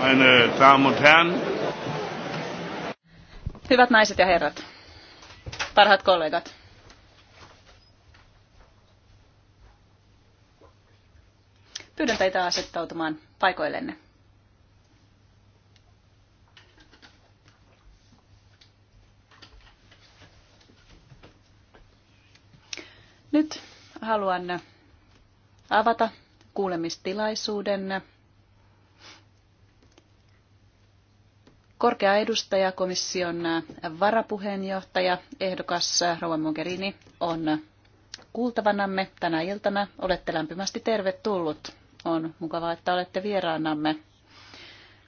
Meine Damen und Herren. Hyvät naiset ja herrat, parhaat kollegat. Pyydän teitä asettautumaan paikoillenne. Nyt haluan avata kuulemistilaisuuden Korkea edustaja, komission varapuheenjohtaja, ehdokas Rova Mogherini on kuultavanamme tänä iltana. Olette lämpimästi tervetullut. On mukavaa, että olette vieraanamme.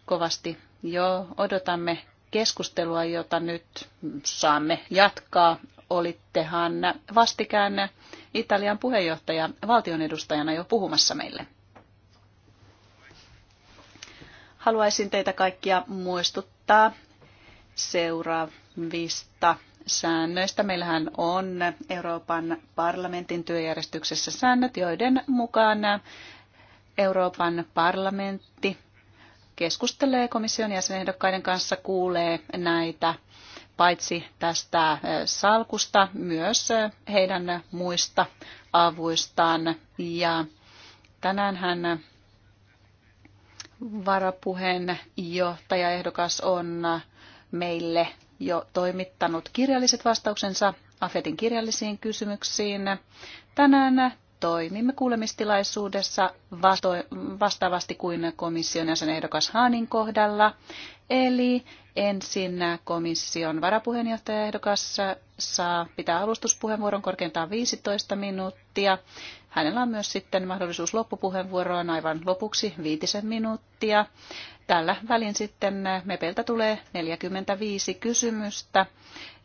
Kovasti jo odotamme keskustelua, jota nyt saamme jatkaa. Olittehan vastikään Italian puheenjohtaja valtionedustajana jo puhumassa meille. Haluaisin teitä kaikkia muistuttaa seuraavista säännöistä. Meillähän on Euroopan parlamentin työjärjestyksessä säännöt, joiden mukaan Euroopan parlamentti keskustelee komission jäsenehdokkaiden kanssa, kuulee näitä paitsi tästä salkusta, myös heidän muista avuistaan. Ja tänään hän varapuheenjohtaja ehdokas on meille jo toimittanut kirjalliset vastauksensa AFETin kirjallisiin kysymyksiin. Tänään toimimme kuulemistilaisuudessa vastaavasti kuin komission jäsenehdokas Haanin kohdalla. Eli ensin komission varapuheenjohtajaehdokas saa pitää alustuspuheenvuoron korkeintaan 15 minuuttia. Hänellä on myös sitten mahdollisuus loppupuheenvuoroon aivan lopuksi viitisen minuuttia. Tällä välin sitten MEPeltä tulee 45 kysymystä.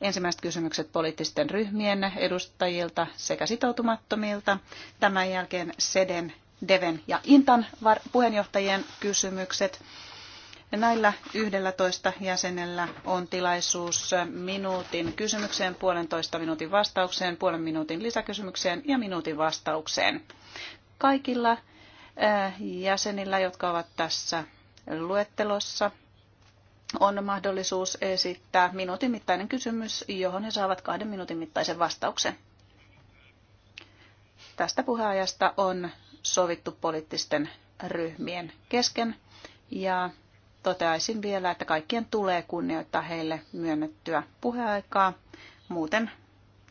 Ensimmäiset kysymykset poliittisten ryhmien edustajilta sekä sitoutumattomilta. Tämän jälkeen SEDEN, DEVEN ja INTAN puheenjohtajien kysymykset näillä 11 jäsenellä on tilaisuus minuutin kysymykseen, puolentoista minuutin vastaukseen, puolen minuutin lisäkysymykseen ja minuutin vastaukseen. Kaikilla äh, jäsenillä, jotka ovat tässä luettelossa, on mahdollisuus esittää minuutin mittainen kysymys, johon he saavat kahden minuutin mittaisen vastauksen. Tästä puheajasta on sovittu poliittisten ryhmien kesken ja toteaisin vielä, että kaikkien tulee kunnioittaa heille myönnettyä puheaikaa. Muuten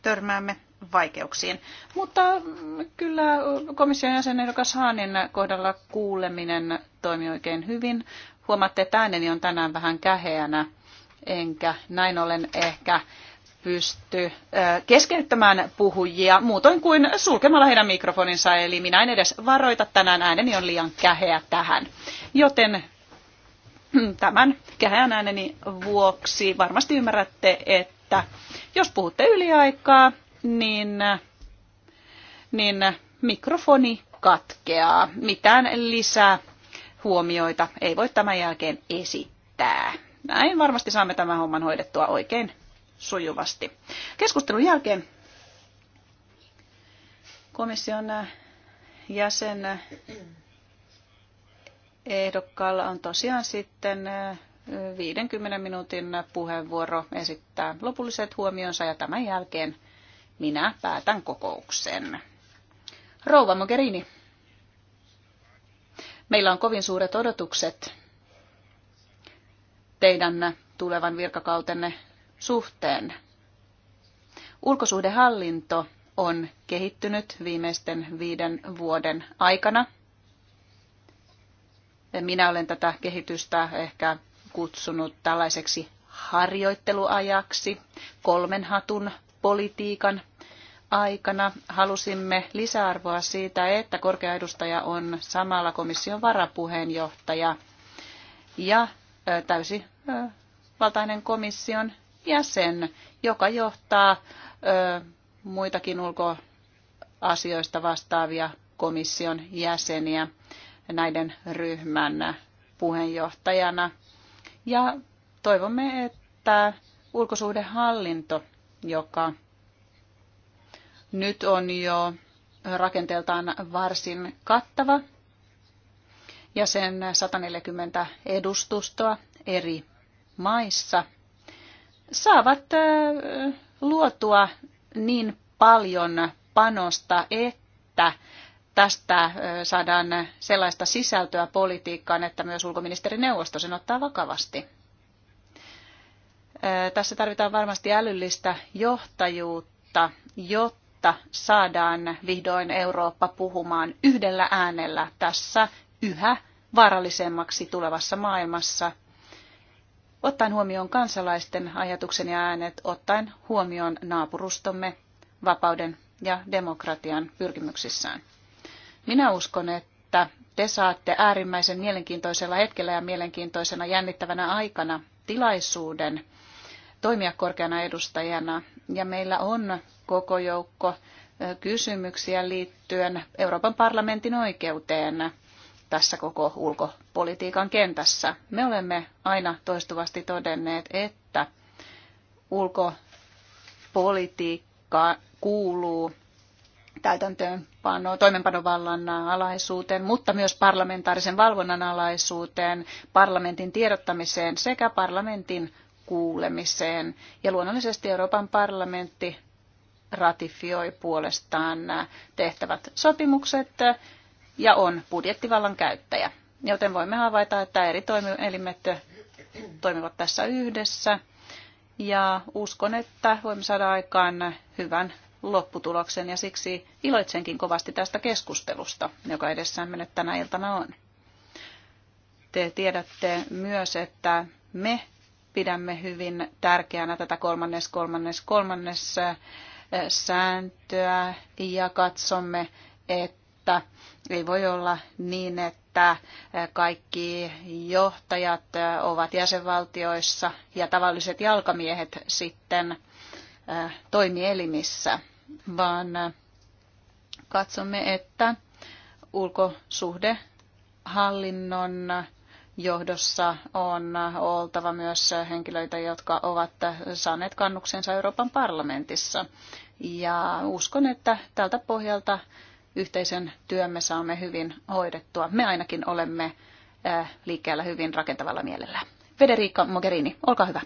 törmäämme vaikeuksiin. Mutta kyllä komission jäsenehdokas Haanin kohdalla kuuleminen toimi oikein hyvin. Huomaatte, että ääneni on tänään vähän käheänä, enkä näin ollen ehkä pysty keskeyttämään puhujia muutoin kuin sulkemalla heidän mikrofoninsa, eli minä en edes varoita tänään, ääneni on liian käheä tähän. Joten tämän kähän ääneni vuoksi varmasti ymmärrätte, että jos puhutte yliaikaa, niin, niin mikrofoni katkeaa. Mitään lisää huomioita ei voi tämän jälkeen esittää. Näin varmasti saamme tämän homman hoidettua oikein sujuvasti. Keskustelun jälkeen komission jäsen ehdokkaalla on tosiaan sitten 50 minuutin puheenvuoro esittää lopulliset huomionsa ja tämän jälkeen minä päätän kokouksen. Rouva Mogherini, meillä on kovin suuret odotukset teidän tulevan virkakautenne suhteen. Ulkosuhdehallinto on kehittynyt viimeisten viiden vuoden aikana – minä olen tätä kehitystä ehkä kutsunut tällaiseksi harjoitteluajaksi kolmen hatun politiikan aikana halusimme lisäarvoa siitä, että korkea edustaja on samalla komission varapuheenjohtaja ja täysi valtainen komission jäsen, joka johtaa muitakin ulkoasioista vastaavia komission jäseniä näiden ryhmän puheenjohtajana. Ja toivomme, että ulkosuhdehallinto, joka nyt on jo rakenteeltaan varsin kattava ja sen 140 edustustoa eri maissa saavat luotua niin paljon panosta, että tästä saadaan sellaista sisältöä politiikkaan, että myös ulkoministerineuvosto sen ottaa vakavasti. Tässä tarvitaan varmasti älyllistä johtajuutta, jotta saadaan vihdoin Eurooppa puhumaan yhdellä äänellä tässä yhä vaarallisemmaksi tulevassa maailmassa. Ottaen huomioon kansalaisten ajatuksen ja äänet, ottaen huomioon naapurustomme vapauden ja demokratian pyrkimyksissään. Minä uskon, että te saatte äärimmäisen mielenkiintoisella hetkellä ja mielenkiintoisena jännittävänä aikana tilaisuuden toimia korkeana edustajana. Ja meillä on koko joukko kysymyksiä liittyen Euroopan parlamentin oikeuteen tässä koko ulkopolitiikan kentässä. Me olemme aina toistuvasti todenneet, että ulkopolitiikka kuuluu täytäntöönpano, toimenpanovallan alaisuuteen, mutta myös parlamentaarisen valvonnan alaisuuteen, parlamentin tiedottamiseen sekä parlamentin kuulemiseen. Ja luonnollisesti Euroopan parlamentti ratifioi puolestaan nämä tehtävät sopimukset ja on budjettivallan käyttäjä. Joten voimme havaita, että eri toimielimet toimivat tässä yhdessä. Ja uskon, että voimme saada aikaan hyvän lopputuloksen ja siksi iloitsenkin kovasti tästä keskustelusta, joka edessämme nyt tänä iltana on. Te tiedätte myös, että me pidämme hyvin tärkeänä tätä kolmannes, kolmannes, kolmannes sääntöä ja katsomme, että ei voi olla niin, että kaikki johtajat ovat jäsenvaltioissa ja tavalliset jalkamiehet sitten toimielimissä vaan katsomme, että ulkosuhdehallinnon johdossa on oltava myös henkilöitä, jotka ovat saaneet kannuksensa Euroopan parlamentissa. Ja uskon, että tältä pohjalta yhteisen työmme saamme hyvin hoidettua. Me ainakin olemme eh, liikkeellä hyvin rakentavalla mielellä. Federica Mogherini, olkaa hyvä.